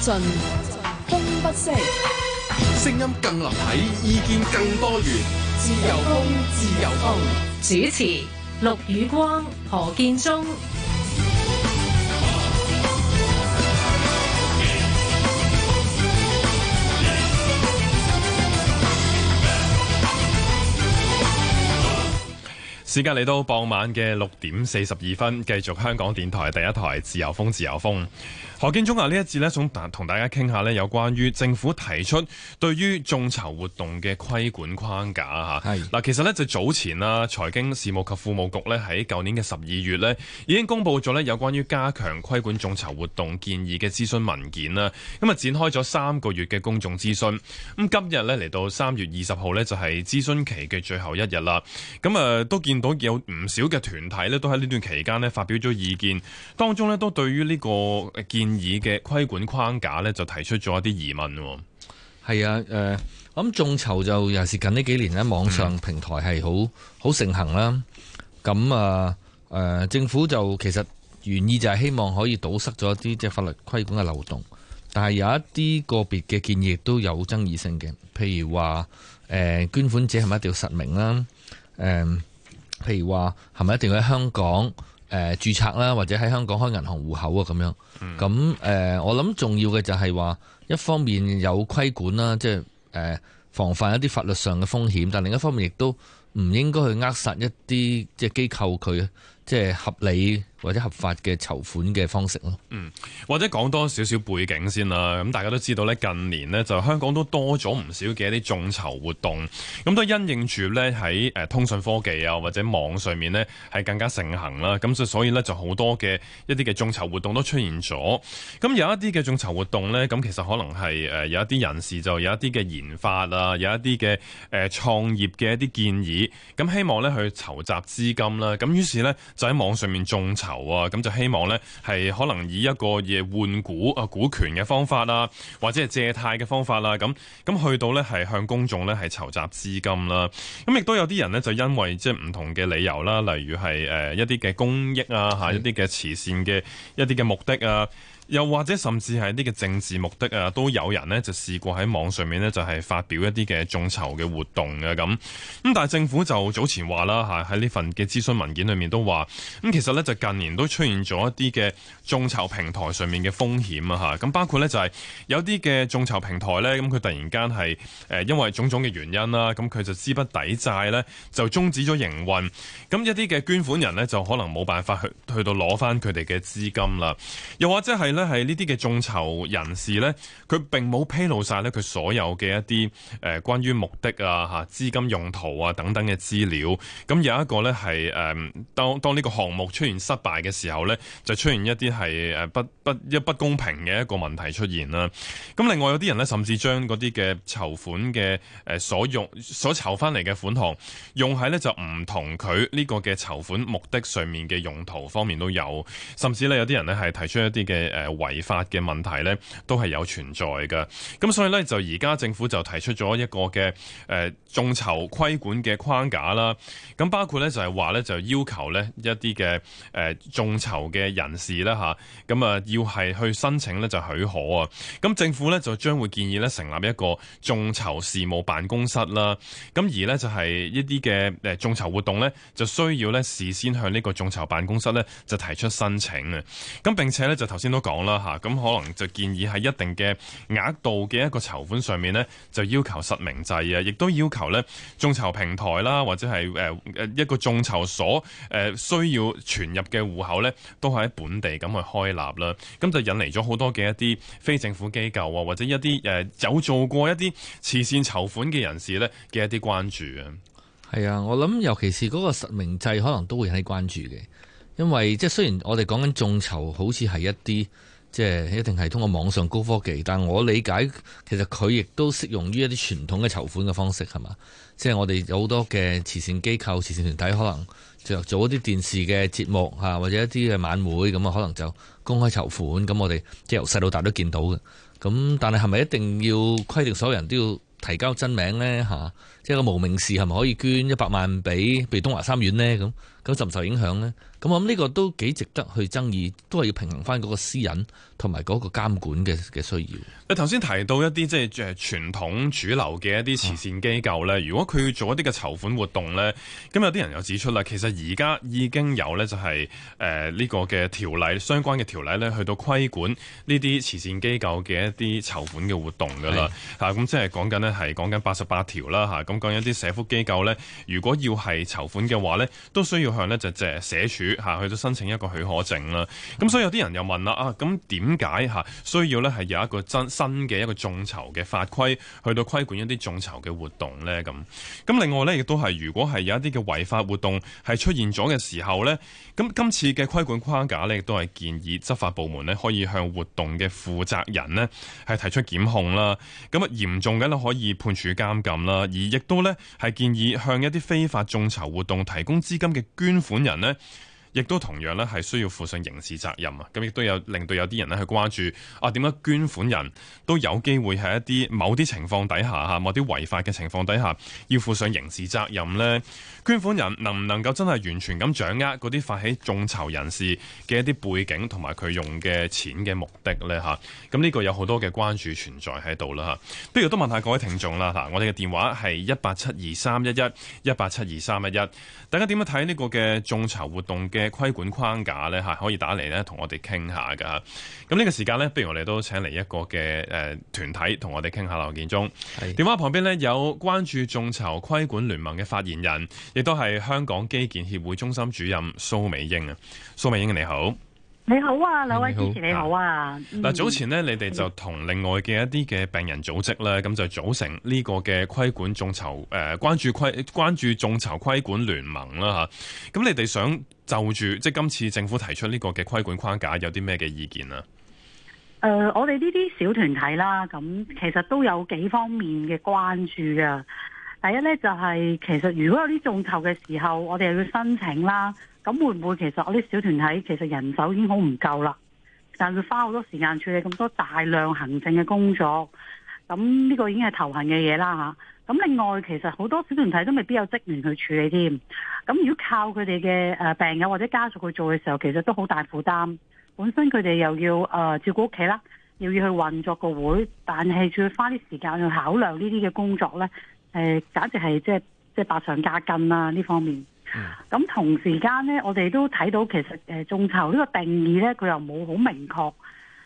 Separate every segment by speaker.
Speaker 1: 勁風盡 不息，
Speaker 2: 聲音更立體，意見更多元，自由風，自由風。
Speaker 1: 主持：陸宇
Speaker 3: 光、何建中。
Speaker 2: 時間嚟到傍晚嘅六點四十二分，繼續香港電台第一台自由風，自由風。何建中啊，呢一節呢，想同大家傾下呢有關於政府提出對於眾籌活動嘅規管框架吓。係嗱是，其實呢，就早前啦，財經事務及庫務局呢，喺舊年嘅十二月呢已經公布咗呢有關於加強規管眾籌活動建議嘅諮詢文件啦。咁啊展開咗三個月嘅公眾諮詢。咁今日呢，嚟到三月二十號呢，就係諮詢期嘅最後一日啦。咁啊、呃、都見。到有唔少嘅團體咧，都喺呢段期間咧發表咗意見，當中咧都對於呢個建議嘅規管框架咧就提出咗一啲疑問。係啊，誒、呃，咁眾籌
Speaker 1: 就尤其是近呢幾年咧，網上平台係好好盛行啦。咁、嗯、啊，誒、呃，政府就其實原意就係希望可以堵塞咗一啲即係法律規管嘅漏洞，但係有一啲個別嘅建議都有爭議性嘅，譬如話誒、呃、捐款者係咪一定要實名啦？誒、呃。譬如話係咪一定要喺香港誒、註冊啦，或者喺香港開銀行戶口啊咁樣。咁誒，嗯，呃，我諗重要嘅就係話，一方面有規管啦，即係誒、防範一啲法律上嘅風險，但另一方面亦都唔應該去扼殺一啲即係機構佢即係合理或者合法嘅籌款嘅方式咯。嗯，
Speaker 2: 或者講多少少背景先啦。咁大家都知道咧，近年呢，就香港都多咗唔少嘅一啲眾籌活動。咁都因應住咧喺誒通訊科技啊或者網上面呢，係更加盛行啦。咁所所以咧就好多嘅一啲嘅眾籌活動都出現咗。咁有一啲嘅眾籌活動呢，咁其實可能係誒有一啲人士就有一啲嘅研發啊，有一啲嘅誒創業嘅一啲建議，咁希望咧去籌集資金啦。咁於是呢，就喺網上面眾籌。頭啊，咁就希望呢係可能以一個嘢換股啊股權嘅方法啊，或者係借貸嘅方法啦。咁咁去到呢係向公眾呢係籌集資金啦。咁亦都有啲人呢，就因為即係唔同嘅理由啦，例如係誒一啲嘅公益啊吓、嗯，一啲嘅慈善嘅一啲嘅目的啊。又或者甚至係啲嘅政治目的啊，都有人咧就試過喺網上面咧就係、是、發表一啲嘅眾籌嘅活動嘅咁。咁但係政府就早前話啦吓，喺、啊、呢份嘅諮詢文件裏面都話，咁、啊、其實咧就近年都出現咗一啲嘅眾籌平台上面嘅風險啊吓，咁包括咧就係、是、有啲嘅眾籌平台咧，咁、啊、佢突然間係誒因為種種嘅原因啦，咁、啊、佢就資不抵債咧，就終止咗營運，咁一啲嘅捐款人咧就可能冇辦法去去到攞翻佢哋嘅資金啦。又或者係。係呢啲嘅眾籌人士呢，佢並冇披露晒呢，佢所有嘅一啲誒、呃、關於目的啊吓，資金用途啊等等嘅資料。咁有一個呢，係誒、呃、當當呢個項目出現失敗嘅時候呢，就出現一啲係誒不不一不公平嘅一個問題出現啦。咁另外有啲人呢，甚至將嗰啲嘅籌款嘅誒、呃、所用所籌翻嚟嘅款項用喺呢，就唔同佢呢個嘅籌款目的上面嘅用途方面都有。甚至呢有啲人呢，係提出一啲嘅誒。呃違法嘅問題咧，都係有存在嘅。咁所以咧，就而家政府就提出咗一個嘅誒眾籌規管嘅框架啦。咁包括咧就係話咧，就要求咧一啲嘅誒眾籌嘅人士啦吓，咁啊要係去申請咧就許可啊。咁政府咧就將會建議咧成立一個眾籌事務辦公室啦。咁而咧就係一啲嘅誒眾籌活動咧，就需要咧事先向呢個眾籌辦公室咧就提出申請啊。咁並且咧就頭先都講。講啦吓，咁可能就建議喺一定嘅額度嘅一個籌款上面呢，就要求實名制啊，亦都要求呢眾籌平台啦，或者係誒一個眾籌所誒需要存入嘅戶口呢，都係喺本地咁去開立啦。咁就引嚟咗好多嘅一啲非政府機構啊，或者一啲誒有做過一啲慈善籌款嘅人士呢嘅一啲關注
Speaker 1: 啊。係啊，我諗尤其是嗰個實名制，可能都會引起關注嘅，因為即係雖然我哋講緊眾籌，好似係一啲。即係一定係通過網上高科技，但我理解其實佢亦都適用於一啲傳統嘅籌款嘅方式，係嘛？即係我哋有好多嘅慈善機構、慈善團體，可能就做一啲電視嘅節目吓或者一啲嘅晚會咁啊，可能就公開籌款。咁我哋即係由細到大都見到嘅。咁但係係咪一定要規定所有人都要提交真名呢吓？即係個無名氏係咪可以捐一百萬俾，譬如東華三院呢？咁？咁受唔受影響呢？咁我諗呢個都幾值得去爭議，都係要平衡翻嗰個私隱同埋嗰個監管
Speaker 2: 嘅嘅需要。你頭先提到一啲即係傳統主流嘅一啲慈善機構咧，嗯、如果佢要做一啲嘅籌款活動咧，咁有啲人又指出啦，其實而家已經有咧，就係誒呢個嘅條例，相關嘅條例咧，去到規管呢啲慈善機構嘅一啲籌款嘅活動噶啦，吓咁是、啊、即係講緊呢，係講緊八十八條啦吓，咁講緊、啊、一啲社福機構咧，如果要係籌款嘅話咧，都需要向呢就即、是、社署。吓，去到申請一個許可證啦。咁所以有啲人又問啦，啊，咁點解吓需要咧係有一個真新新嘅一個眾籌嘅法規去到規管一啲眾籌嘅活動呢？咁咁另外呢，亦都係，如果係有一啲嘅違法活動係出現咗嘅時候呢，咁今次嘅規管框架呢，亦都係建議執法部門呢，可以向活動嘅負責人呢係提出檢控啦。咁啊嚴重嘅呢可以判處監禁啦，而亦都是呢，係建議向一啲非法眾籌活動提供資金嘅捐款人呢，亦都同樣咧，係需要負上刑事責任啊！咁亦都有令到有啲人咧去關注啊，點解捐款人都有機會喺一啲某啲情況底下嚇，某啲違法嘅情況底下要負上刑事責任咧？捐款人能唔能夠真係完全咁掌握嗰啲發起眾籌人士嘅一啲背景同埋佢用嘅錢嘅目的呢？嚇、啊！咁呢個有好多嘅關注存在喺度啦嚇。不、啊、如都問下各位聽眾啦嚇、啊，我哋嘅電話係一八七二三一一一八七二三一一，大家點樣睇呢個嘅眾籌活動嘅？規管框架咧可以打嚟咧同我哋傾下噶。咁呢個時間呢，不如我哋都請嚟一個嘅團體同我哋傾下劉建忠。電話旁邊呢有關注眾籌規管聯盟嘅發言人，亦都係香港肌健協會中心主任蘇美英啊。蘇美英你好。
Speaker 3: 你好啊，兩位主持你好啊。嗱、嗯，嗯、早前
Speaker 2: 咧，嗯、你哋就同另外嘅一啲嘅病人組織咧，咁就組成呢個嘅規管眾籌誒關注規關注眾籌規管聯盟啦吓，咁、啊、你哋想就住即係今次政府提出呢個嘅規管框架，有啲咩嘅意見啊？誒、
Speaker 3: 呃，我哋呢啲小團體啦，咁其實都有幾方面嘅關注㗎。第一咧，就係、是、其實如果有啲眾籌嘅時候，我哋又要申請啦。咁會唔會其實我啲小團體其實人手已經好唔夠啦，但佢花好多時間處理咁多大量行政嘅工作，咁呢個已經係頭痕嘅嘢啦吓，咁另外其實好多小團體都未必有職員去處理添，咁如果靠佢哋嘅病友或者家屬去做嘅時候，其實都好大負擔。本身佢哋又要誒照顧屋企啦，又要去運作個會，但係仲要花啲時間去考量呢啲嘅工作咧，誒簡直係即係即係百上加斤啦呢方面。咁、嗯、同時間咧，我哋都睇到其實誒眾籌呢個定義咧，佢又冇好明確。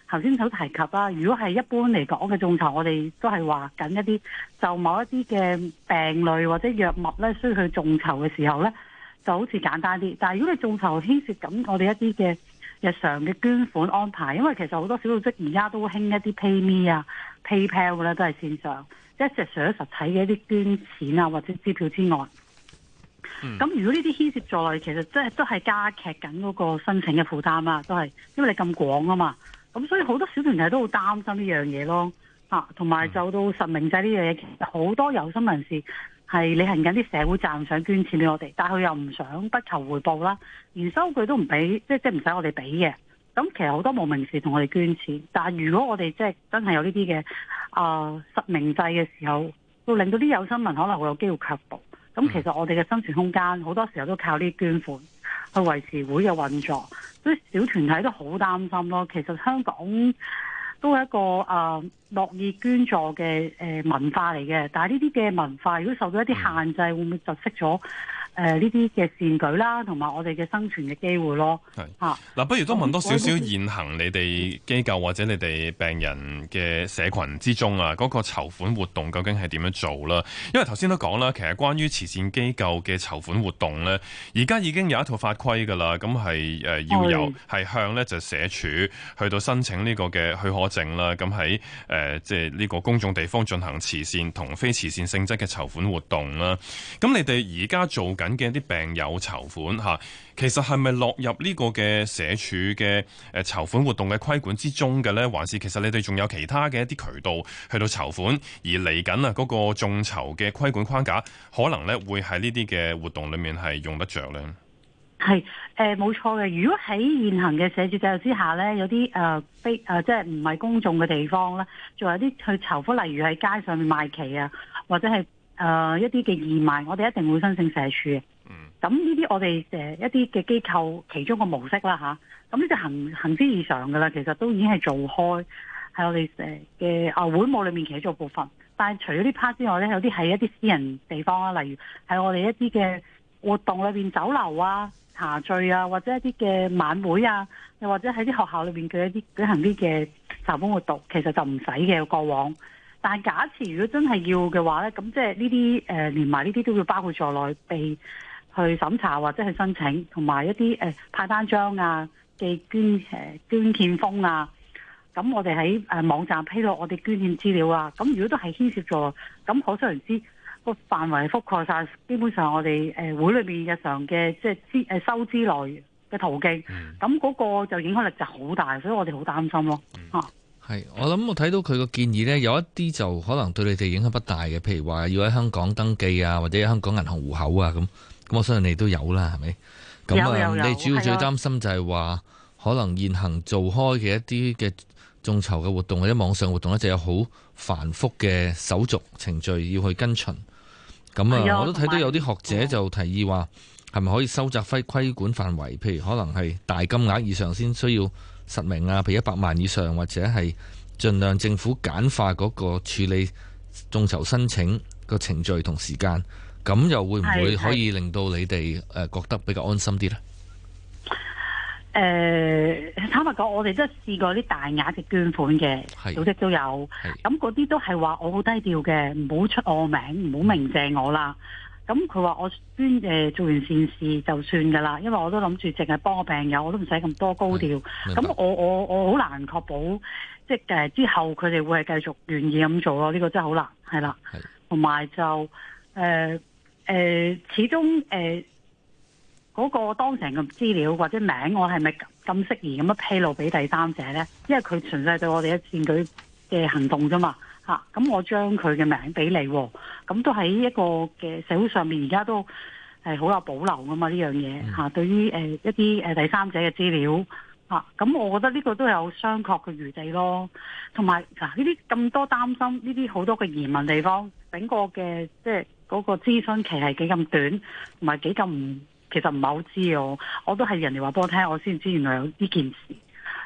Speaker 3: 頭先所提及啦，如果係一般嚟講嘅眾籌，我哋都係話緊一啲就某一啲嘅病類或者藥物咧，需要去眾籌嘅時候咧，就好似簡單啲。但係如果你眾籌牽涉緊我哋一啲嘅日常嘅捐款安排，因為其實好多小組織而家都興一啲 PayMe 啊、PayPal 咧、啊，都係線上，即係除咗實體嘅一啲捐錢啊或者支票之外。咁、嗯、如果呢啲牽涉在內，其實即係都係加劇緊嗰個申請嘅負擔啦，都係因為你咁廣啊嘛。咁所以好多小團體都好擔心呢樣嘢咯。嚇、啊，同埋就到實名制呢樣嘢，其實好多有心人士係履行緊啲社會責任，想捐錢俾我哋，但佢又唔想不求回報啦，連收據都唔俾，即即係唔使我哋俾嘅。咁其實好多無名氏同我哋捐錢，但係如果我哋即係真係有呢啲嘅啊實名制嘅時候，會令到啲有心人可能會有機會卻步。咁、嗯、其實我哋嘅生存空間好多時候都靠呢啲捐款去維持會嘅運作，啲小團體都好擔心咯。其實香港都係一個誒、呃、樂意捐助嘅、呃、文化嚟嘅，但係呢啲嘅文化如果受到一啲限制，會唔會窒息咗？誒，呢啲嘅善舉啦，同埋我哋嘅
Speaker 2: 生存嘅機會咯。係吓，嗱，啊，不如都問多少少現行，你哋機構或者你哋病人嘅社群之中啊，嗰個籌款活動究竟係點樣做啦？因為頭先都講啦，其實關於慈善機構嘅籌款活動咧，而家已經有一套法規噶啦，咁係誒要由係向咧就社署去到申請呢個嘅許可證啦。咁喺誒即係呢個公眾地方進行慈善同非慈善性質嘅籌款活動啦。咁你哋而家做緊嘅一啲病友籌款吓，其實係咪落入呢個嘅社署嘅誒籌款活動嘅規管之中嘅咧？還是其實你哋仲有其他嘅一啲渠道去到籌款，而嚟緊啊嗰個眾籌嘅規管框架，可能咧會喺呢啲嘅活動裏面係用得着咧？
Speaker 3: 係誒，冇錯嘅。如果喺現行嘅社署制度之下咧，有啲誒非誒即係唔係公眾嘅地方啦，仲有啲去籌款，例如喺街上面賣旗啊，或者係。誒、呃、一啲嘅義賣，我哋一定會申請社署嘅嗯，咁呢啲我哋、呃、一啲嘅機構其中嘅模式啦嚇，咁呢啲行行之以常㗎啦，其實都已經係做開喺我哋嘅啊會務裏面其實做部分。但除咗呢 part 之外咧，有啲係一啲私人地方啦、啊，例如喺我哋一啲嘅活動裏面，酒樓啊、茶聚啊，或者一啲嘅晚會啊，又或者喺啲學校裏面舉，舉一啲舉行啲嘅集歡活動，其實就唔使嘅過往。但假設如果真係要嘅話咧，咁即係呢啲誒連埋呢啲都要包括在內，被去審查或者去申請，同埋一啲誒、呃、派單張啊嘅捐、呃、捐獻封啊，咁我哋喺、呃、網站披露我哋捐獻資料啊，咁如果都係牽涉咗，咁可想而知個範圍覆蓋晒基本上我哋、呃、會裏面日常嘅即係收支來嘅途徑，咁嗰個就影響力就好大，所以我哋好擔心咯、啊，啊。
Speaker 1: 係，我諗我睇到佢個建議呢，有一啲就可能對你哋影響不大嘅，譬如話要喺香港登記啊，或者喺香港銀行戶口啊咁。咁我相信你都有啦，係咪？有，有。咁啊你主要最擔心就係話，的可能現行做開嘅一啲嘅眾籌嘅活動或者網上活動呢，就有好繁複嘅手續程序要去跟循。咁啊，的我都睇到有啲學者就提議話，係咪、嗯、可以收窄規規管範圍？譬如可能係大金額以上先需要。實名啊，譬如一百萬以上，或者係盡量政府簡化嗰個處理眾籌申請個程序同時間，咁又會唔會可以令到你哋誒覺得比較安心啲呢？誒、
Speaker 3: 呃，坦白講，我哋真係試過啲大額嘅捐款嘅組織都有，咁嗰啲都係話我好低調嘅，唔好出我名，唔好明謝我啦。咁佢話我專誒、呃、做完善事就算噶啦，因為我都諗住淨係幫個病友，我都唔使咁多高調。咁我我我好難確保，即係誒、呃、之後佢哋會係繼續願意咁做咯。呢、這個真係好難，係啦。同埋是就誒誒、呃呃，始終誒嗰個當成嘅資料或者名，我係咪咁咁適宜咁樣披露俾第三者咧？因為佢純粹係對我哋一次舉嘅行動啫嘛。咁、啊、我將佢嘅名俾你，咁、啊、都喺一個嘅社會上面，而家都係好有保留噶嘛呢樣嘢吓，對於誒、呃、一啲誒、呃、第三者嘅資料吓，咁我覺得呢個都有商榷嘅餘地咯。同埋嗱呢啲咁多擔心，呢啲好多嘅疑問地方，整個嘅即係嗰個諮詢期係幾咁短，同埋幾咁唔，其實唔係好知哦。我都係人哋話俾我聽，我先知原來有呢件事。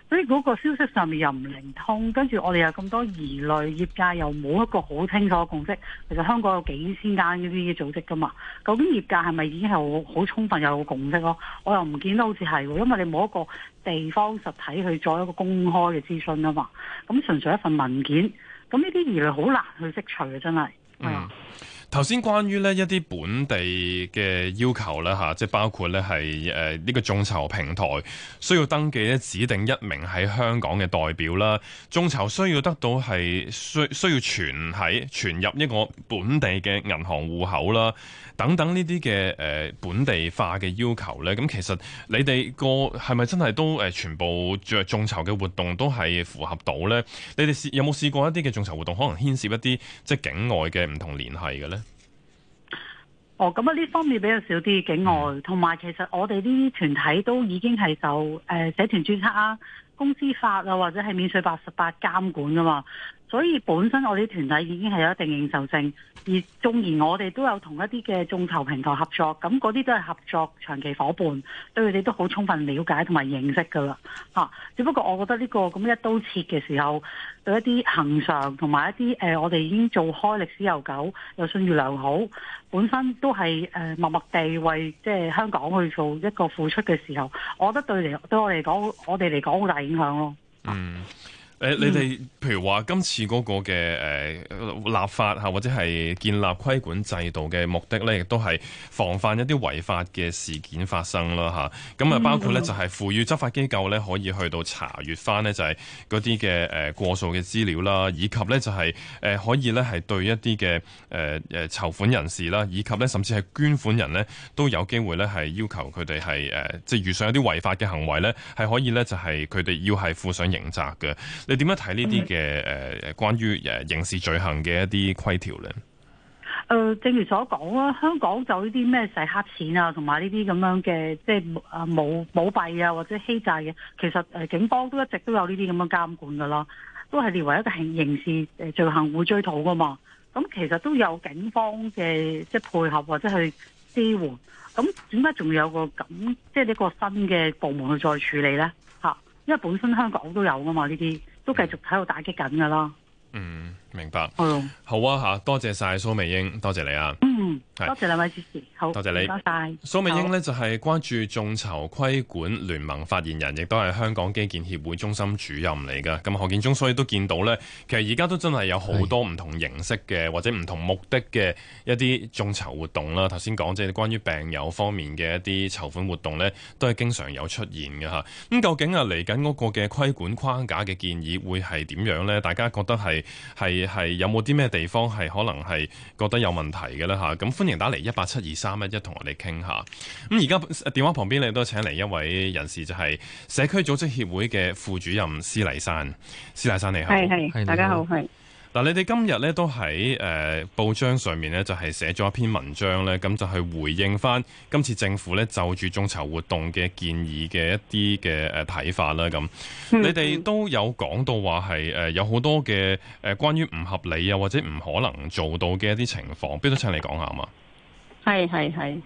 Speaker 3: 所以嗰個消息上面又唔靈通，跟住我哋又咁多疑慮，業界又冇一個好清楚嘅共識。其實香港有幾千間呢啲組織㗎嘛，究竟業界係咪已經係好充分有個共識咯、啊？我又唔見得好似係，因為你冇一個地方實體去做一個公開嘅諮詢啊嘛。咁純粹一份文件，咁呢啲疑慮好難去釋除嘅，真係。嗯
Speaker 2: 頭先關於呢一啲本地嘅要求啦，吓，即係包括呢係誒呢個眾籌平台需要登記呢，指定一名喺香港嘅代表啦，眾籌需要得到係需需要存喺存入一個本地嘅銀行戶口啦，等等呢啲嘅誒本地化嘅要求呢。咁其實你哋個係咪真係都誒全部做眾籌嘅活動都係符合到呢？你哋試有冇試過一啲嘅眾籌活動可能牽涉一啲即係境外嘅唔同聯繫嘅呢？
Speaker 3: 哦，咁啊呢方面比較少啲境外，同埋其實我哋呢啲團體都已經係受誒社團註冊啊、公司法啊或者係免稅八十八監管噶嘛。所以本身我哋啲團體已經係有一定認受性，而縱然我哋都有同一啲嘅眾籌平台合作，咁嗰啲都係合作長期伙伴，對佢哋都好充分了解同埋認識噶啦，吓、啊，只不過我覺得呢、這個咁一刀切嘅時候，對一啲恆常同埋一啲誒、呃、我哋已經做開歷史悠久，又信譽良好，本身都係誒、呃、默默地為即係香港去做一個付出嘅時候，我覺得對嚟對我嚟講，我哋嚟講好大影響咯。嗯。
Speaker 2: 誒，你哋譬如話今次嗰個嘅立法嚇或者係建立規管制度嘅目的咧，亦都係防範一啲違法嘅事件發生啦吓咁啊，包括咧就係賦予執法機構咧，可以去到查閱翻呢，就係嗰啲嘅誒過數嘅資料啦，以及咧就係誒可以咧係對一啲嘅誒籌款人士啦，以及咧甚至係捐款人咧都有機會咧係要求佢哋係即係遇上一啲違法嘅行為咧，係可以咧就係佢哋要係負上刑責嘅。你點樣睇呢啲嘅誒，關於誒刑事罪行嘅一啲規條咧？誒、
Speaker 3: 呃，正如所講，香港就呢啲咩洗黑錢啊，同埋呢啲咁樣嘅，即係啊，冇舞，舞弊啊，或者欺詐嘅，其實誒、呃、警方都一直都有呢啲咁嘅監管噶啦，都係列為一個刑事誒罪行會追討噶嘛。咁其實都有警方嘅即係配合或者去支援。咁點解仲要有個咁即係一個新嘅部門去再處理咧？吓，因為本身香港都有噶嘛呢啲。都繼續喺度打擊緊㗎咯。嗯，
Speaker 2: 明白。好，oh. 好啊，多謝晒蘇美英，多謝你啊。多謝
Speaker 3: 兩位主持，多謝你，唔該晒。蘇美英
Speaker 2: 呢就係關注眾籌規管聯盟發言人，亦都係香港肌健協會中心主任嚟㗎。咁何建中，所以都見到呢，其實而家都真係有好多唔同形式嘅是或者唔同目的嘅一啲眾籌活動啦。頭先講即係關於病友方面嘅一啲籌款活動呢，都係經常有出現嘅吓。咁究竟啊嚟緊嗰個嘅規管框架嘅建議會係點樣呢？大家覺得係係係有冇啲咩地方係可能係覺得有問題嘅咧吓？咁歡迎打嚟一八七二三一一同我哋傾下。咁而家電話旁邊你都請嚟一位人士，就係、是、社區組織協會嘅副主任施麗珊。施麗珊你好，係係，大家好，係。嗱，你哋今日咧都喺誒、呃、報章上面咧就係、是、寫咗一篇文章咧，咁就係回應翻今次政府咧就住眾籌活動嘅建議嘅一啲嘅誒睇法啦。咁、呃嗯、你哋都有講到話係誒有好多嘅誒關於唔合理啊或者唔可能做到嘅一啲情況，邊度請你講下啊？嘛，
Speaker 4: 係係係。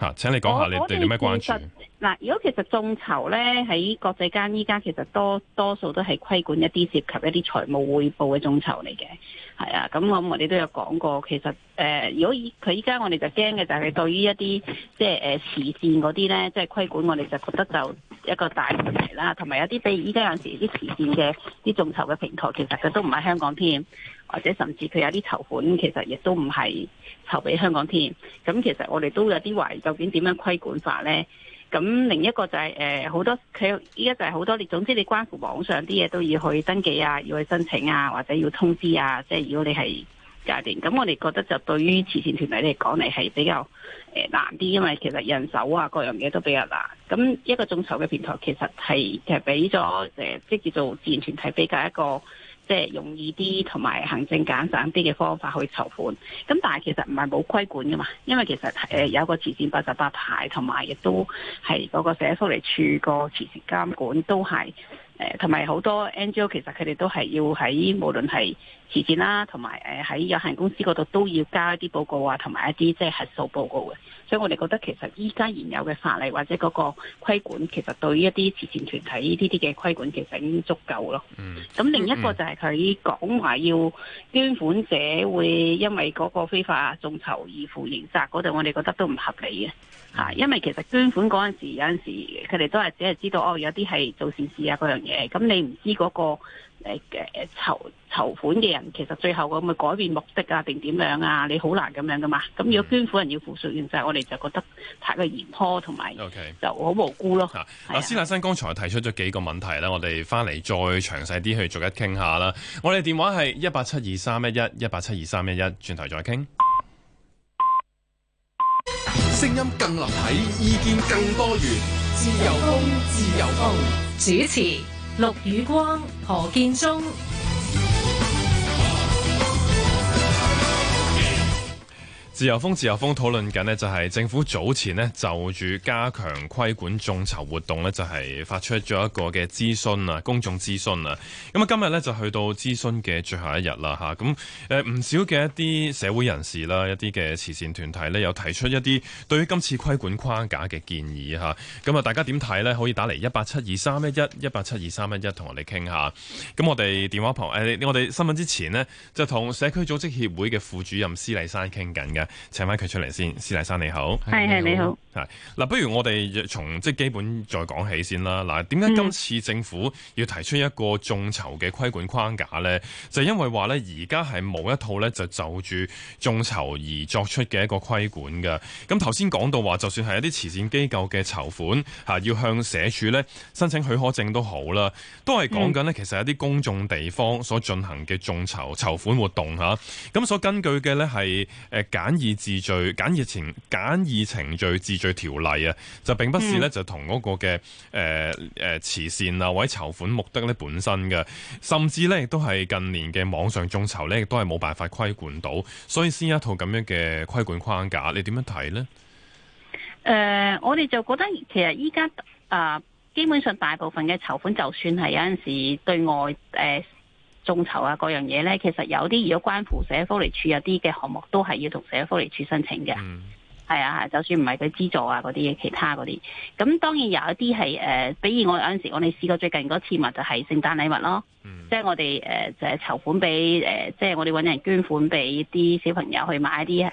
Speaker 2: 嚇！請你講下你哋有咩關注？
Speaker 4: 嗱，如果其實眾籌咧喺國際間，依家其實多多數都係規管一啲涉及一啲財務匯報嘅眾籌嚟嘅，係啊。咁我我哋都有講過，其實誒、呃，如果佢依家我哋就驚嘅就係對於一啲即係誒、呃、慈善嗰啲咧，即係規管我哋就覺得就一個大問題啦。同埋有啲，比如依家有時啲慈善嘅啲眾籌嘅平台，其實佢都唔係香港添，或者甚至佢有啲籌款其實亦都唔係籌俾香港添。咁其實我哋都有啲懷疑，究竟點樣規管法咧？咁另一個就係誒好多佢依家就係好多你，總之你關乎網上啲嘢都要去登記啊，要去申請啊，或者要通知啊，即係如果你係介聯。咁我哋覺得就對於慈善團體嚟講，你係比較誒難啲，因為其實人手啊各樣嘢都比較難。咁一個眾籌嘅平台其實係其實俾咗誒即係叫做自然團體比較一個。即係容易啲，同埋行政簡省啲嘅方法去籌款。咁但係其實唔係冇規管㗎嘛，因為其實誒有個慈善八十八牌，同埋亦都係嗰個社福嚟處個慈善監管都係，誒同埋好多 NGO 其實佢哋都係要喺無論係慈善啦、啊，同埋喺有限公司嗰度都要加一啲報告啊，同埋一啲即係核數報告嘅。所以我哋覺得其實依家現有嘅法例或者嗰個規管，其實對於一啲慈善團體呢啲嘅規管其實已經足夠咯。
Speaker 3: 咁、嗯、另一個就
Speaker 4: 係佢講話要捐款者會因為嗰個非法眾籌而負刑責嗰度，那個、我哋覺得都唔合理嘅吓、啊，因為其實捐款嗰陣時有陣時佢哋都係只係知道哦，有啲係做善事啊嗰誒咁你唔知嗰、嗰個誒籌、呃、款嘅人其實最後會改變目的啊定點樣啊？你好難咁樣噶嘛？咁如果捐款人要付稅，其實我哋就覺得太過嚴苛，同埋，就好無辜咯。
Speaker 2: 嗱，施麗珊剛才提出咗幾個問題啦，我哋翻嚟再詳細啲去逐一傾下啦。我哋電話係一八七二三一一一八七二三一一，轉頭再傾。聲音更立體，意見更多元，自由風，自由風，
Speaker 1: 主持。陸宇光、何建中。
Speaker 2: 自由風，自由風討論緊呢就係政府早前呢就住加強規管眾籌活動呢，就係發出咗一個嘅諮詢啊，公眾諮詢啊。咁啊，今日呢就去到諮詢嘅最後一日啦，吓，咁誒，唔少嘅一啲社會人士啦，一啲嘅慈善團體呢，有提出一啲對於今次規管框架嘅建議吓，咁啊，大家點睇呢？可以打嚟一八七二三一一一八七二三一一同我哋傾下。咁我哋電話旁誒，我哋新聞之前呢，就同社區組織協會嘅副主任施麗珊傾緊嘅。請返佢出嚟先，施麗珊你好，係係，你好。你好嗱，不如我哋從即係基本再講起先啦。嗱，點解今次政府要提出一個眾籌嘅規管框架咧？就係、因為話咧，而家係冇一套咧，就就住眾籌而作出嘅一個規管嘅。咁頭先講到話，就算係一啲慈善機構嘅籌款，吓，要向社署咧申請許可證都好啦，都係講緊咧，其實一啲公眾地方所進行嘅眾籌籌款活動吓，咁所根據嘅咧係誒簡易程序、簡易程簡易程序、程嘅條例啊，就並不是咧，就同嗰個嘅誒誒慈善啊或者籌款目的咧本身嘅，甚至咧亦都係近年嘅網上眾籌咧，亦都係冇辦法規管到，所以先一套咁樣嘅規管框架，你點樣睇呢？誒、
Speaker 4: 呃，我哋就覺得其實依家啊，基本上大部分嘅籌款，就算係有陣時對外誒、呃、眾籌啊各樣嘢咧，其實有啲如果關乎社福利署有啲嘅項目，都係要同社福利署申請嘅。嗯係啊，係就算唔係佢資助啊，嗰啲其他嗰啲，咁當然有一啲係誒，比如我有陣時我哋試過最近嗰次物就係聖誕禮物咯，嗯、即係我哋誒、呃、就係、是、籌款俾誒、呃，即係我哋搵人捐款俾啲小朋友去買一啲誒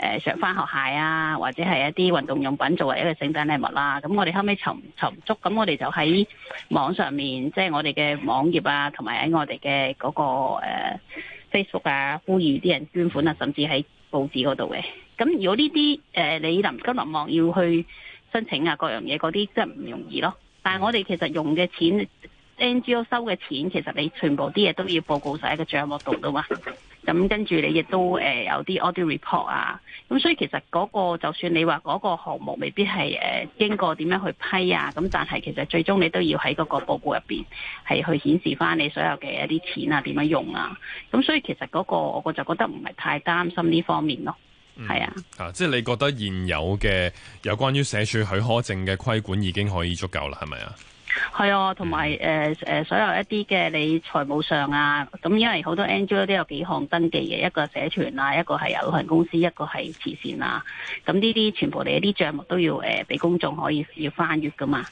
Speaker 4: 誒上翻學鞋啊，或者係一啲運動用品，作為一個聖誕禮物啦。咁我哋後尾籌籌足，咁我哋就喺網上面，即係我哋嘅網頁啊，同埋喺我哋嘅嗰個誒、呃、Facebook 啊，呼籲啲人捐款啊，甚至喺報紙嗰度嘅。咁如果呢啲誒你臨急臨忙要去申請啊各樣嘢嗰啲真係唔容易咯。但係我哋其實用嘅錢，NGO 收嘅錢，其實你全部啲嘢都要報告晒喺個帳目度噶嘛。咁跟住你亦都誒、呃、有啲 audit report 啊。咁所以其實嗰、嗰個就算你話嗰個項目未必係誒、呃、經過點樣去批啊，咁但係其實最終你都要喺嗰個報告入邊係去顯示翻你所有嘅一啲錢啊點樣用啊。咁所以其實嗰、嗰個我就覺得唔係太擔心呢方面咯。
Speaker 2: 係啊、嗯，啊，即係你覺得現有嘅有關於社署許可證嘅規管已經可以足夠啦，係咪啊？
Speaker 4: 係啊，同埋誒誒，所有一啲嘅你財務上啊，咁因為好多 NGO 都有幾項登記嘅，一個社團啊，一個係有限公司，一個係慈善啊，咁呢啲全部你一啲賬目都要誒，俾、呃、公眾可以要翻閱噶嘛，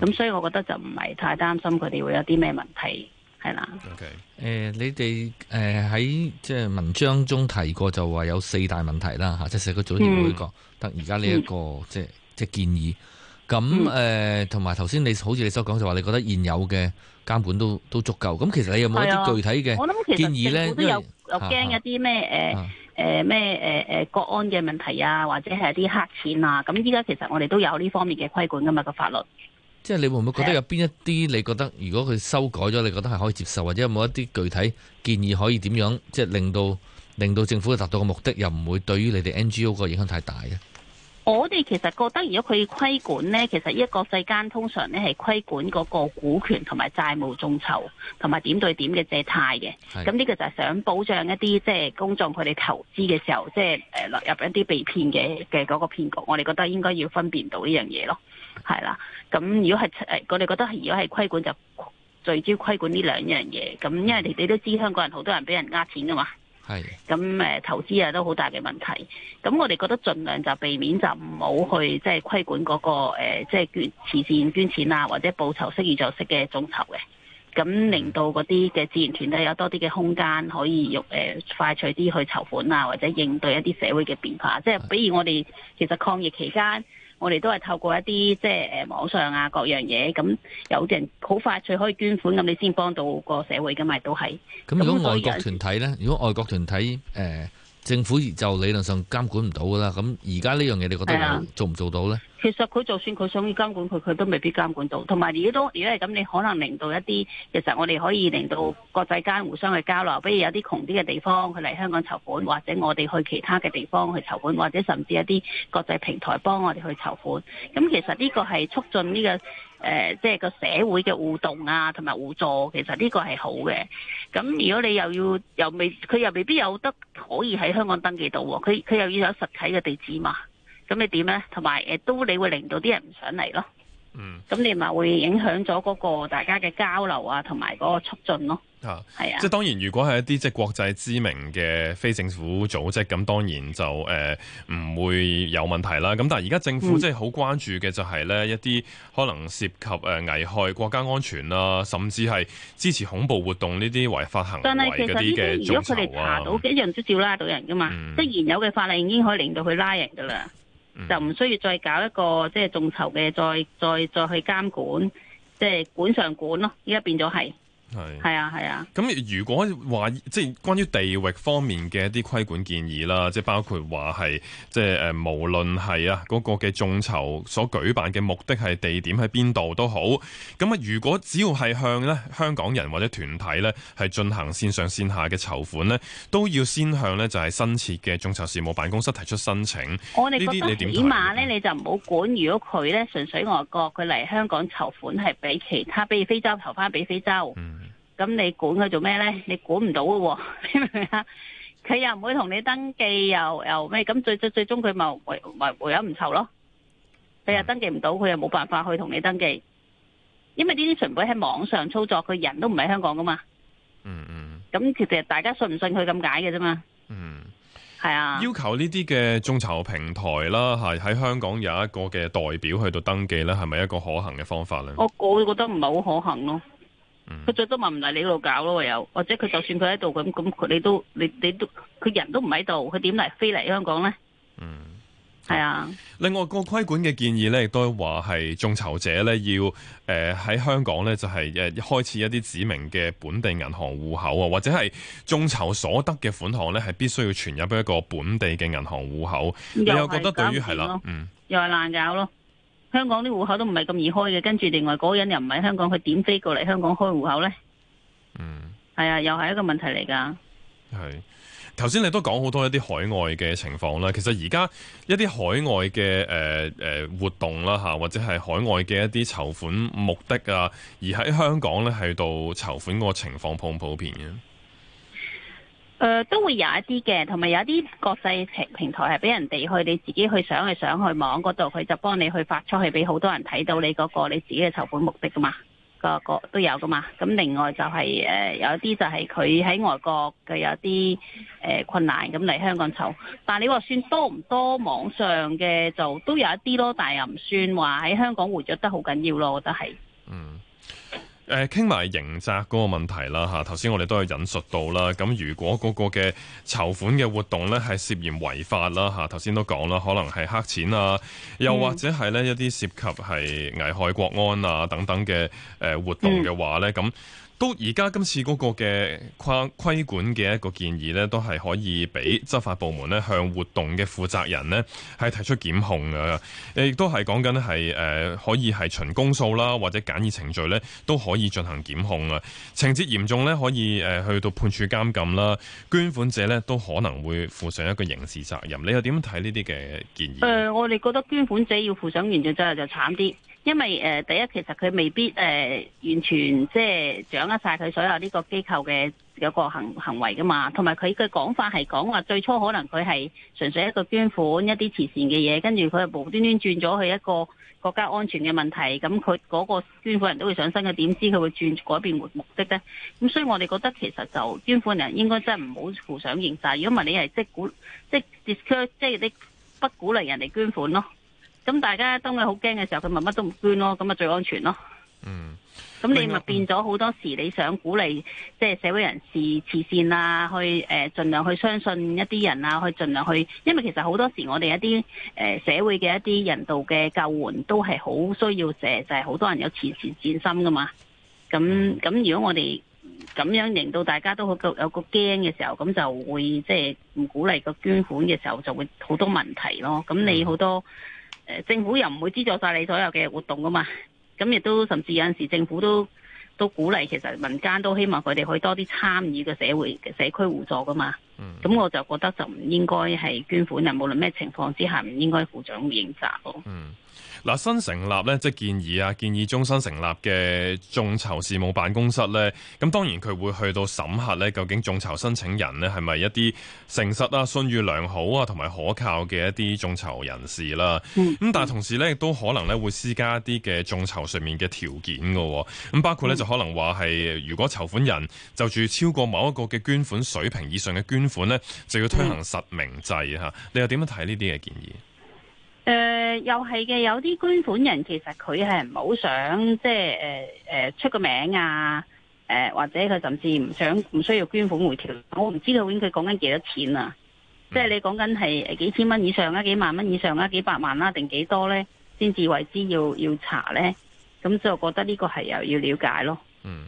Speaker 4: 咁、嗯、所以我覺得就唔係太擔心佢哋會有啲咩問題。
Speaker 1: 係啦，誒 Okay.、呃，你哋誒喺即係文章中提過就話有四大問題啦吓，即係四個組別每個得而家呢一個、嗯這個、即係即係建議，咁誒同埋頭先你好似你所講就話你覺得現有嘅監管都都足夠，咁其實你有冇一啲具體嘅建議咧？政府都有驚一啲咩誒誒咩
Speaker 4: 誒誒國安嘅問題啊，或者係啲黑錢啊？咁依家其實我哋都有呢方面嘅規管噶、啊、嘛、個法律。
Speaker 1: 即係你會唔會覺得有邊一啲？你覺得如果佢修改咗，你覺得係可以接受，或者有冇一啲具體建議可以點樣，即係令到令到政府達到個目的，又唔會對於你哋 NGO 個影響太大嘅？
Speaker 4: 我哋其實覺得，如果佢規管呢，其實一個世間通常呢係規管嗰個股權同埋債務眾籌同埋點對點嘅借貸嘅。咁呢是的 個就係想保障一啲即係公眾佢哋投資嘅時候，即係誒落入一啲被騙嘅嘅嗰個騙局。我哋覺得應該要分辨到呢樣嘢咯。係啦，咁如果係誒、呃，我哋覺得如果係規管就聚焦規管呢兩樣嘢，咁因為你你都知香港人好多人俾人呃錢噶嘛，係的，咁誒、呃、投資啊都好大嘅問題，咁我哋覺得儘量就避免就唔好去即係、就是、規管嗰、那個即係捐慈善捐錢啊或者報酬適宜就適嘅眾籌嘅，咁令到嗰啲嘅自然團體有多啲嘅空間可以用誒、呃、快脆啲去籌款啊或者應對一啲社會嘅變化，的即係比如我哋其實抗疫期間。我哋都係透過一啲即係誒網上啊各樣嘢，咁有啲人好快脆可以捐款咁，你先幫到個社會㗎嘛，都係。咁、嗯、如果外國團
Speaker 1: 體呢？如果外國團體誒？呃政府就理論上監管唔到噶啦，咁而家呢樣嘢你覺得的做唔做到呢？
Speaker 4: 其實佢就算佢想要監管佢，佢都未必監管到。同埋如果都如果係咁，你可能令到一啲其實我哋可以令到國際間互相去交流，比如有啲窮啲嘅地方佢嚟香港籌款，或者我哋去其他嘅地方去籌款，或者甚至一啲國際平台幫我哋去籌款。咁其實呢個係促進呢個。誒、呃，即係個社會嘅互動啊，同埋互助，其實呢個係好嘅。咁如果你又要又未，佢又未必有得可以喺香港登記到、啊，佢佢又要有實體嘅地址嘛。咁你點咧？同埋、呃、都你會令到啲人唔想嚟咯。嗯。咁你咪會影響咗嗰個大家嘅交流啊，同埋嗰個促進咯。
Speaker 2: 係啊，啊即係當然，如果係一啲即係國際知名嘅非政府組織，咁當然就誒唔、呃、會有問題啦。咁但係而家政府即係好關注嘅就係咧一啲可能涉及誒危害國家安全啦、啊，甚至係支持恐怖活動呢啲違法行為嘅、啊，如果佢哋查到，
Speaker 4: 一樣都照拉到人噶嘛。嗯、即係現有嘅法例已經可以令到佢拉人噶啦，嗯、就唔需要再搞一個即係眾籌嘅，再再再去監管，即係管上管咯。依家變咗係。係，
Speaker 2: 係啊，係啊。咁如果話即係關於地域方面嘅一啲規管建議啦，即係包括話係即係誒，無論係啊嗰個嘅眾籌所舉辦嘅目的係地點喺邊度都好，咁啊如果只要係向咧香港人或者團體咧係進行線上線下嘅籌款咧，都要先向咧就係、是、新設嘅眾籌事務辦公室提出申請。我哋覺得點樣呢，起碼
Speaker 4: 咧你就唔好管，如果佢咧純粹外國佢嚟香港籌款係俾其他，比如非洲投翻俾非洲。咁你管佢做咩咧？你管唔到噶喎，明唔明啊？佢又唔會同你登記，又又咩？咁最最最終佢咪唯唯唯有唔籌咯？佢又登記唔到，佢又冇辦法去同你登記，因為呢啲全部喺網上操作，佢人都唔喺香港噶嘛。嗯
Speaker 2: 嗯。
Speaker 4: 咁其實大家信唔信佢咁解嘅啫嘛？嗯，係啊。要
Speaker 2: 求呢啲嘅眾籌平台啦，係喺香港有一個嘅代表去到登記咧，係咪一個可行嘅方法咧？我我
Speaker 4: 會覺得唔係好可行咯。佢、嗯、最多咪唔嚟你度搞咯，又或者佢就算佢喺度咁，咁佢你都你你都佢人都唔喺度，佢點嚟飛嚟香港呢？嗯，係啊。
Speaker 2: 另外一個規管嘅建議呢，亦都話係眾籌者呢要誒喺、呃、香港呢，就係、是、誒開設一啲指明嘅本地銀行戶口啊，或者係眾籌所得嘅款項呢，係必須要存入一個本地嘅銀行戶口。又你又覺得對於係啦，
Speaker 4: 又係、嗯、難搞咯。香港啲戶口都唔係咁易開嘅，跟住另外嗰個人又唔喺香港，佢點飛過嚟香港開戶口呢？嗯，係啊，又係一個問題嚟㗎。
Speaker 2: 係頭先你都講好多一啲海外嘅情況啦，其實而家一啲海外嘅誒誒活動啦嚇，或者係海外嘅一啲籌款目的啊，而喺香港咧係度籌款個情況普唔普遍嘅？
Speaker 4: 誒、呃、都會有一啲嘅，同埋有一啲國際平平台係俾人哋去，你自己去上去上去網嗰度，佢就幫你去發出去俾好多人睇到你嗰個你自己嘅籌款目的㗎嘛，個個都有㗎嘛。咁另外就係、是、誒、呃、有啲就係佢喺外國嘅有啲誒、呃、困難咁嚟香港籌，但係你話算多唔多網上嘅就都有一啲咯，但又唔算話喺香港活躍得好緊要咯，我覺得係。嗯。
Speaker 2: 誒，傾埋刑責嗰個問題啦吓，頭先我哋都有引述到啦。咁如果嗰個嘅籌款嘅活動呢係涉嫌違法啦吓，頭先都講啦，可能係黑錢啊，又或者係呢一啲涉及係危害國安啊等等嘅活動嘅話呢。咁、嗯。都而家今次嗰個嘅跨規管嘅一個建議咧，都係可以俾執法部門咧向活動嘅負責人咧係提出檢控噶，亦都係講緊係誒可以係循公訴啦，或者簡易程序咧都可以進行檢控啊。情節嚴重咧，可以誒、呃、去到判處監禁啦。捐款者咧都可能會負上一個刑事責任。你又點睇呢啲嘅建
Speaker 4: 議？誒、呃，我哋覺得捐款者要負上完全責任就慘啲。因為誒，第一其實佢未必誒完全即係掌握晒佢所有呢個機構嘅有個行行為噶嘛，同埋佢嘅講法係講話最初可能佢係純粹一個捐款一啲慈善嘅嘢，跟住佢無端端轉咗去一個國家安全嘅問題，咁佢嗰個捐款人都會上身嘅，點知佢會轉改變目目的呢？咁所以我哋覺得其實就捐款人應該真係唔好負上刑責，如果唔係你係即鼓即 discourage 即係啲不鼓勵、就是、人哋捐款咯。咁大家當佢好驚嘅時候，佢咪乜都唔捐咯，咁咪最安全咯。
Speaker 1: 嗯，
Speaker 4: 咁你咪變咗好多時，你想鼓勵即係社會人士慈善啊，去誒、呃、盡量去相信一啲人啊，去盡量去，因為其實好多時我哋一啲誒、呃、社會嘅一啲人道嘅救援都係好需要，就係、是、好多人有慈善善心噶嘛。咁咁如果我哋咁樣令到大家都有有個驚嘅時候，咁就會即係唔鼓勵個捐款嘅時候，就會好多問題咯。咁你好多。政府又唔會資助晒你所有嘅活動噶嘛，咁亦都甚至有陣時政府都都鼓勵，其實民間都希望佢哋可以多啲參與個社會社區互助噶嘛。咁、嗯、我就覺得就唔應該係捐款啊，無論咩情況之下，唔應該負上刑責咯。嗯
Speaker 2: 嗱，新成立咧，即係建議啊，建議中新成立嘅眾籌事務辦公室咧。咁當然佢會去到審核咧，究竟眾籌申請人咧係咪一啲誠實啊、信譽良好啊、同埋可靠嘅一啲眾籌人士啦。咁、嗯、但係同時咧，亦都可能咧會施加一啲嘅眾籌上面嘅條件㗎。咁包括咧，就可能話係如果籌款人就住超過某一個嘅捐款水平以上嘅捐款咧，就要推行實名制吓。你又點樣睇呢啲嘅建議？
Speaker 4: 誒、呃，又係嘅，有啲捐款人其實佢係唔好想，即係誒誒出個名啊，誒、呃、或者佢甚至唔想唔需要捐款回條，我唔知道點佢講緊幾多錢啊，嗯、即係你講緊係幾千蚊以上啦，幾萬蚊以上啦，幾百萬啦，啊，定幾多咧，先至為之要要查咧，咁就覺得呢個係又要了解咯。嗯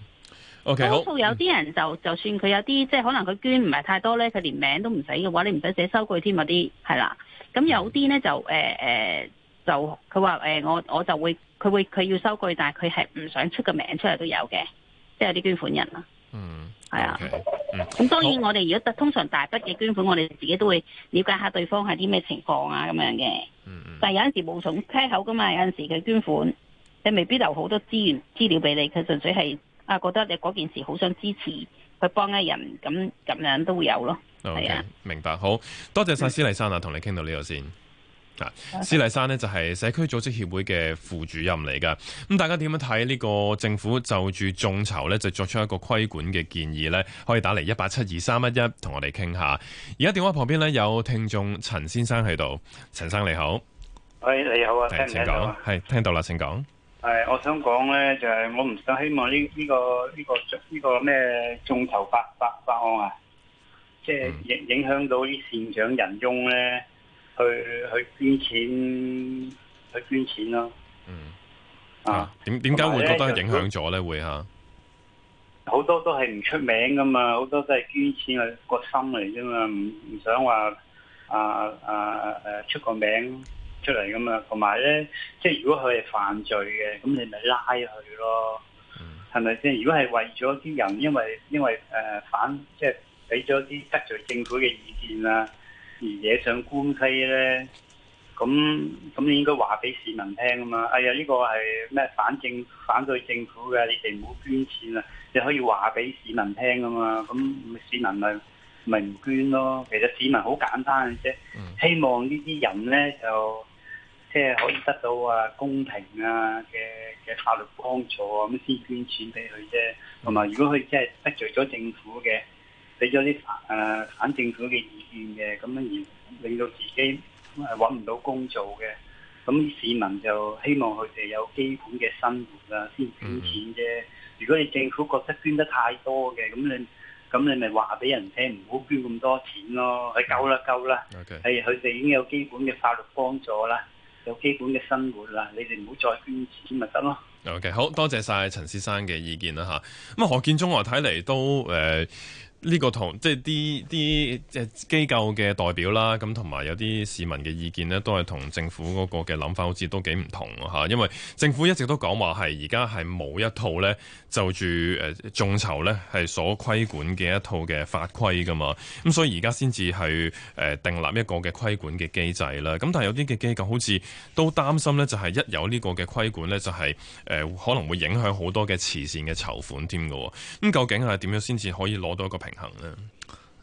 Speaker 4: ，OK 好。多數有啲人就、嗯、就算佢有啲即係可能佢捐唔係太多咧，佢連名都唔使嘅話，你唔使寫收據添嗰啲，係啦。咁有啲咧就誒、呃呃、就佢話、呃、我我就會佢會佢要收據，但係佢係唔想出個名出嚟都有嘅，即係啲捐款人咯。嗯，係啊的。咁、okay, 嗯、當然我哋如果通常大筆嘅捐款，我哋自己都會了解下對方係啲咩情況啊咁樣嘅。嗯、但係有陣時無從開口噶嘛，有陣時佢捐款，你未必留好多資源資料俾你，佢純粹係啊覺得你嗰件事好想支持。佢幫緊人咁咁樣都會有咯，係啊
Speaker 2: Okay, 的，明白，好多謝晒施麗珊啊，同你傾到呢度先。啊、嗯，施麗珊呢，就係社區組織協會嘅副主任嚟噶，咁大家點樣睇呢個政府就住眾籌咧，就作出一個規管嘅建議咧？可以打嚟一八七二三一一，同我哋傾下。而家電話旁邊咧有聽眾陳先生喺度，陳生你好，
Speaker 5: 喂，你好啊，請說聽，聽到
Speaker 2: 啊？係聽到啦，請講。
Speaker 5: 係，我想講咧，就係我唔想希望呢呢個呢個呢個咩眾籌法法法案啊，即係影影響到啲善長仁翁咧，去去捐錢去捐錢咯。嗯。
Speaker 2: 啊？點點解會覺得影響咗咧？會吓？
Speaker 5: 好多都係唔出名㗎嘛，好多都係捐錢個心嚟啫嘛，唔唔想話啊啊誒出個名。出嚟㗎嘛，同埋咧，即係如果佢係犯罪嘅，咁你咪拉佢咯，係咪先？如果係為咗啲人，因為因為誒、呃、反，即係俾咗啲得罪政府嘅意見啊，而惹上官非咧，咁咁你應該話俾市民聽啊嘛，哎呀呢、呢個係咩反政反對政府嘅，你哋唔好捐錢啊，你可以話俾市民聽啊嘛，咁市民咪咪唔捐咯。其實市民好簡單嘅啫，嗯、希望這些呢啲人咧就。即係可以得到啊公平啊嘅嘅法律幫助啊，咁先捐錢俾佢啫。同埋，如果佢真係得罪咗政府嘅，俾咗啲反誒反政府嘅意見嘅，咁樣而令到自己咁係揾唔到工做嘅，咁市民就希望佢哋有基本嘅生活啦，先捐錢啫。如果你政府覺得捐得太多嘅，咁你咁你咪話俾人聽，唔好捐咁多錢咯，係夠啦夠啦，係佢哋已經有基本嘅法律幫助啦。有基本嘅生活啦，你哋唔好再捐錢
Speaker 2: 咪得咯。OK，好多謝晒陳先生嘅意見啦嚇。咁啊，何建中睇嚟都誒。呃呢個同即係啲啲即係機構嘅代表啦，咁同埋有啲市民嘅意見咧，都係同政府嗰個嘅諗法好似都幾唔同吓，因為政府一直都講話係而家係冇一套咧就住誒、呃、眾籌咧係所規管嘅一套嘅法規噶嘛，咁所以而家先至係誒訂立一個嘅規管嘅機制啦。咁但係有啲嘅機構好似都擔心咧，就係、是、一有呢個嘅規管咧，就係、是、誒、呃、可能會影響好多嘅慈善嘅籌款添嘅。咁究竟係點樣先至可以攞到一個平？行
Speaker 1: 啦，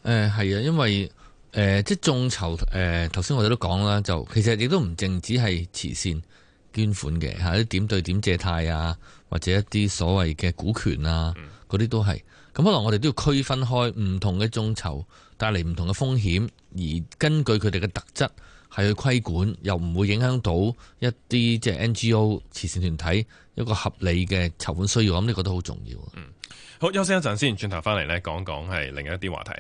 Speaker 1: 誒係啊，因為誒、呃、即係眾籌，誒頭先我哋都講啦，就其實亦都唔淨止係慈善捐款嘅，吓、啊、啲點對點借貸啊，或者一啲所謂嘅股權啊，嗰啲、嗯、都係。咁可能我哋都要區分開唔同嘅眾籌，帶嚟唔同嘅風險，而根據佢哋嘅特質，係去規管，又唔會影響到一啲即係 NGO 慈善團體一個合理嘅籌款需要，我諗呢個都好重要。嗯。
Speaker 2: 好，休息一陣先，轉頭翻嚟咧，講講係另一啲話題。